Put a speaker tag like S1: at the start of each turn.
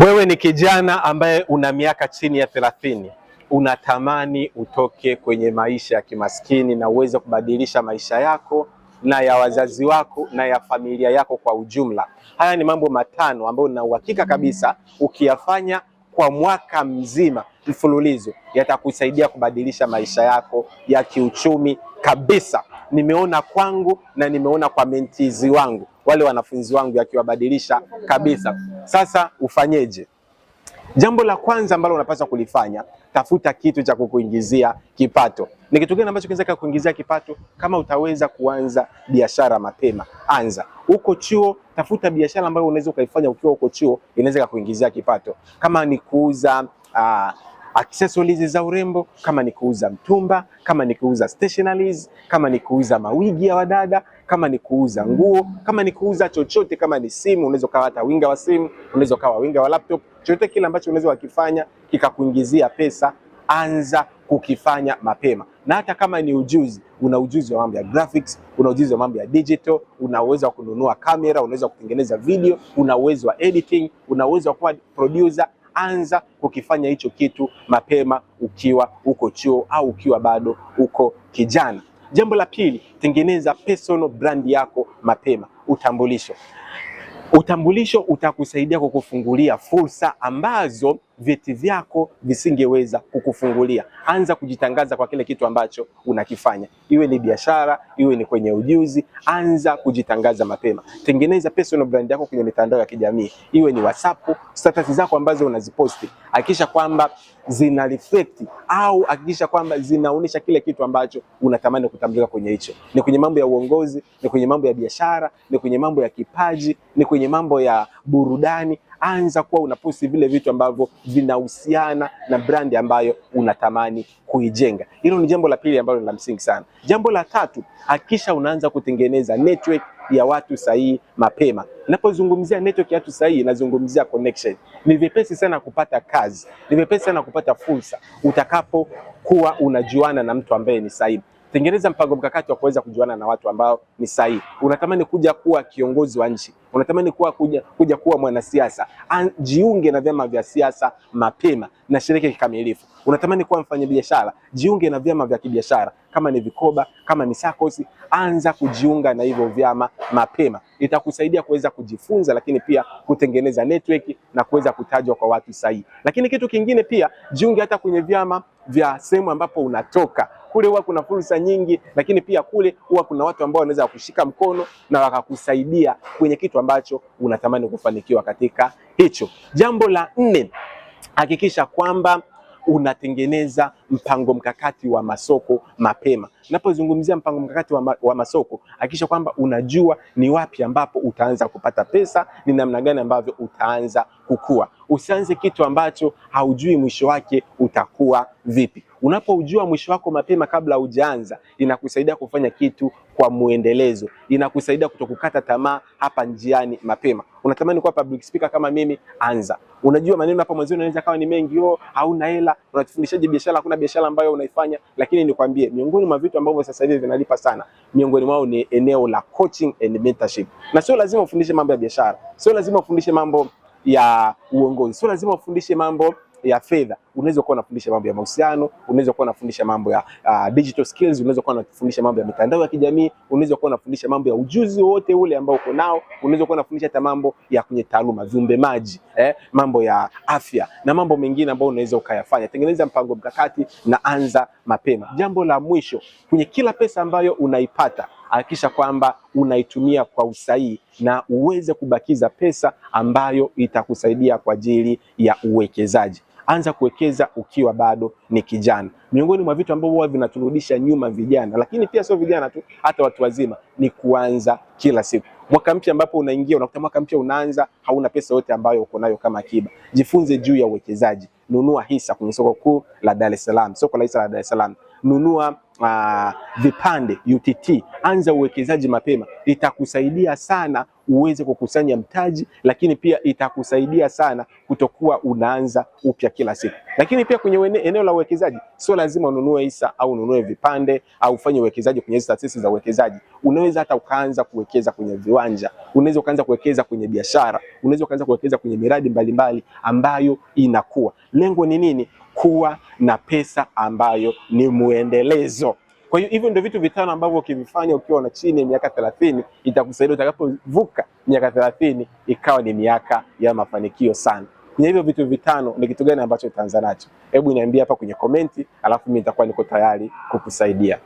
S1: Wewe ni kijana ambaye una miaka chini ya thelathini, unatamani utoke kwenye maisha ya kimaskini na uweze kubadilisha maisha yako na ya wazazi wako na ya familia yako kwa ujumla. Haya ni mambo matano ambayo nina uhakika kabisa ukiyafanya kwa mwaka mzima mfululizo yatakusaidia kubadilisha maisha yako ya kiuchumi kabisa. Nimeona kwangu na nimeona kwa mentizi wangu wale wanafunzi wangu yakiwabadilisha kabisa. Sasa ufanyeje? Jambo la kwanza ambalo unapaswa kulifanya, tafuta kitu cha kukuingizia kipato. Ni kitu gani ambacho kinaweza kukuingizia kipato? Kama utaweza kuanza biashara mapema, anza uko chuo. Tafuta biashara ambayo unaweza ukaifanya ukiwa uko chuo, inaweza kukuingizia kipato, kama ni kuuza ah, accessories za urembo, kama ni kuuza mtumba, kama ni kuuza stationaries, kama ni kuuza mawigi ya wadada, kama ni kuuza nguo, kama ni kuuza chochote, kama ni simu, unaweza kawa hata winga wa simu, unaweza kawa winga wa laptop. Chochote kile ambacho unaweza wakifanya kikakuingizia pesa, anza kukifanya mapema. Na hata kama ni ujuzi, una ujuzi wa mambo ya graphics, una ujuzi wa mambo ya digital, una uwezo wa kununua kamera, unaweza kutengeneza video, una uwezo wa editing, una uwezo wa kuwa producer anza kukifanya hicho kitu mapema ukiwa uko chuo au ukiwa bado uko kijana. Jambo la pili, tengeneza personal brand yako mapema, utambulisho. Utambulisho utakusaidia kukufungulia fursa ambazo vyeti vyako visingeweza kukufungulia. Anza kujitangaza kwa kile kitu ambacho unakifanya, iwe ni biashara, iwe ni kwenye ujuzi. Anza kujitangaza mapema, tengeneza personal brand yako kwenye mitandao ya kijamii, iwe ni WhatsApp, status zako ambazo unaziposti, hakikisha kwamba zina reflect au hakikisha kwamba zinaonyesha kile kitu ambacho unatamani kutambulika kwenye hicho. Ni kwenye mambo ya uongozi, ni kwenye mambo ya biashara, ni kwenye mambo ya kipaji, ni kwenye mambo ya burudani anza kuwa unaposti vile vitu ambavyo vinahusiana na brandi ambayo unatamani kuijenga. Hilo ni jambo la pili ambalo ni la msingi sana. Jambo la tatu, hakisha unaanza kutengeneza network ya watu sahihi mapema. Ninapozungumzia network ya watu sahihi, nazungumzia connection. Ni vyepesi sana kupata kazi, ni vipesi sana kupata fursa utakapokuwa unajuana na mtu ambaye ni sahihi. Tengeneza mpango mkakati wa kuweza kujuana na watu ambao ni sahihi. Unatamani kuja kuwa kiongozi wa nchi, unatamani kuwa kuja, kuja kuwa mwanasiasa, jiunge na vyama vya siasa mapema na shiriki kikamilifu. Unatamani kuwa mfanyabiashara, jiunge na vyama vya kibiashara, kama ni vikoba, kama ni sakosi, anza kujiunga na hivyo vyama mapema. Itakusaidia kuweza kujifunza, lakini pia kutengeneza network na kuweza kutajwa kwa watu sahihi. Lakini kitu kingine pia, jiunge hata kwenye vyama vya sehemu ambapo unatoka kule huwa kuna fursa nyingi, lakini pia kule huwa kuna watu ambao wanaweza kushika mkono na wakakusaidia kwenye kitu ambacho unatamani kufanikiwa katika hicho. Jambo la nne, hakikisha kwamba unatengeneza mpango mkakati wa masoko mapema. Napozungumzia mpango mkakati wa, ma wa masoko, hakikisha kwamba unajua ni wapi ambapo utaanza kupata pesa, ni namna gani ambavyo utaanza kukua. Usianze kitu ambacho haujui mwisho wake utakuwa vipi. unapojua mwisho wako mapema kabla hujaanza, inakusaidia kufanya kitu kwa muendelezo, inakusaidia kutokukata tamaa hapa njiani mapema. Unatamani kuwa public speaker kama mimi, anza. Unajua maneno hapa mwanzo yanaweza kawa ni mengi, oh, hauna hela. Unatufundishaje biashara? Hakuna biashara ambayo unaifanya. Lakini nikwambie, miongoni mwa vitu ambavyo sasa hivi vinalipa sana, miongoni mwao ni eneo la coaching and mentorship. Na sio lazima ufundishe mambo ya biashara, sio lazima ufundishe mambo ya uongozi. Sio lazima ufundishe mambo ya fedha, unaweza kuwa unafundisha mambo ya mahusiano, unaweza kuwa unafundisha mambo ya uh, digital skills, unaweza kuwa unafundisha mambo ya mitandao ya kijamii, unaweza kuwa unafundisha mambo ya ujuzi wote ule ambao uko nao, unaweza kuwa unafundisha hata mambo ya kwenye taaluma, viumbe maji, eh, mambo ya afya na mambo mengine ambayo unaweza ukayafanya. Tengeneza mpango mkakati na anza mapema. Jambo la mwisho, kwenye kila pesa ambayo unaipata hakikisha kwamba unaitumia kwa usahihi na uweze kubakiza pesa ambayo itakusaidia kwa ajili ya uwekezaji. Anza kuwekeza ukiwa bado ni kijana. Miongoni mwa vitu ambavyo huwa vinaturudisha nyuma vijana, lakini pia sio vijana tu, hata watu wazima, ni kuanza kila siku. Mwaka mpya ambapo unaingia, unakuta mwaka mpya unaanza, hauna pesa yote ambayo uko nayo kama akiba. Jifunze juu ya uwekezaji, nunua hisa kwenye soko kuu la Dar es Salaam, soko la hisa la Dar es Salaam nunua uh, vipande UTT, anza uwekezaji mapema, itakusaidia sana uweze kukusanya mtaji, lakini pia itakusaidia sana kutokuwa unaanza upya kila siku. Lakini pia kwenye eneo la uwekezaji, sio lazima ununue hisa au ununue vipande au ufanye uwekezaji kwenye taasisi za uwekezaji. Unaweza hata ukaanza kuwekeza kwenye viwanja, unaweza ukaanza kuwekeza kwenye biashara, unaweza ukaanza kuwekeza kwenye miradi mbalimbali ambayo inakuwa. Lengo ni nini? kuwa na pesa ambayo ni muendelezo. Kwa hiyo hivyo ndio vitu vitano ambavyo ukivifanya ukiwa na chini ya miaka thelathini itakusaidia utakapovuka miaka thelathini ikawa ni miaka ya mafanikio sana. Kwenye hivyo vitu vitano ni kitu gani ambacho utaanza nacho? Hebu niambie hapa kwenye komenti, alafu mimi nitakuwa niko tayari kukusaidia.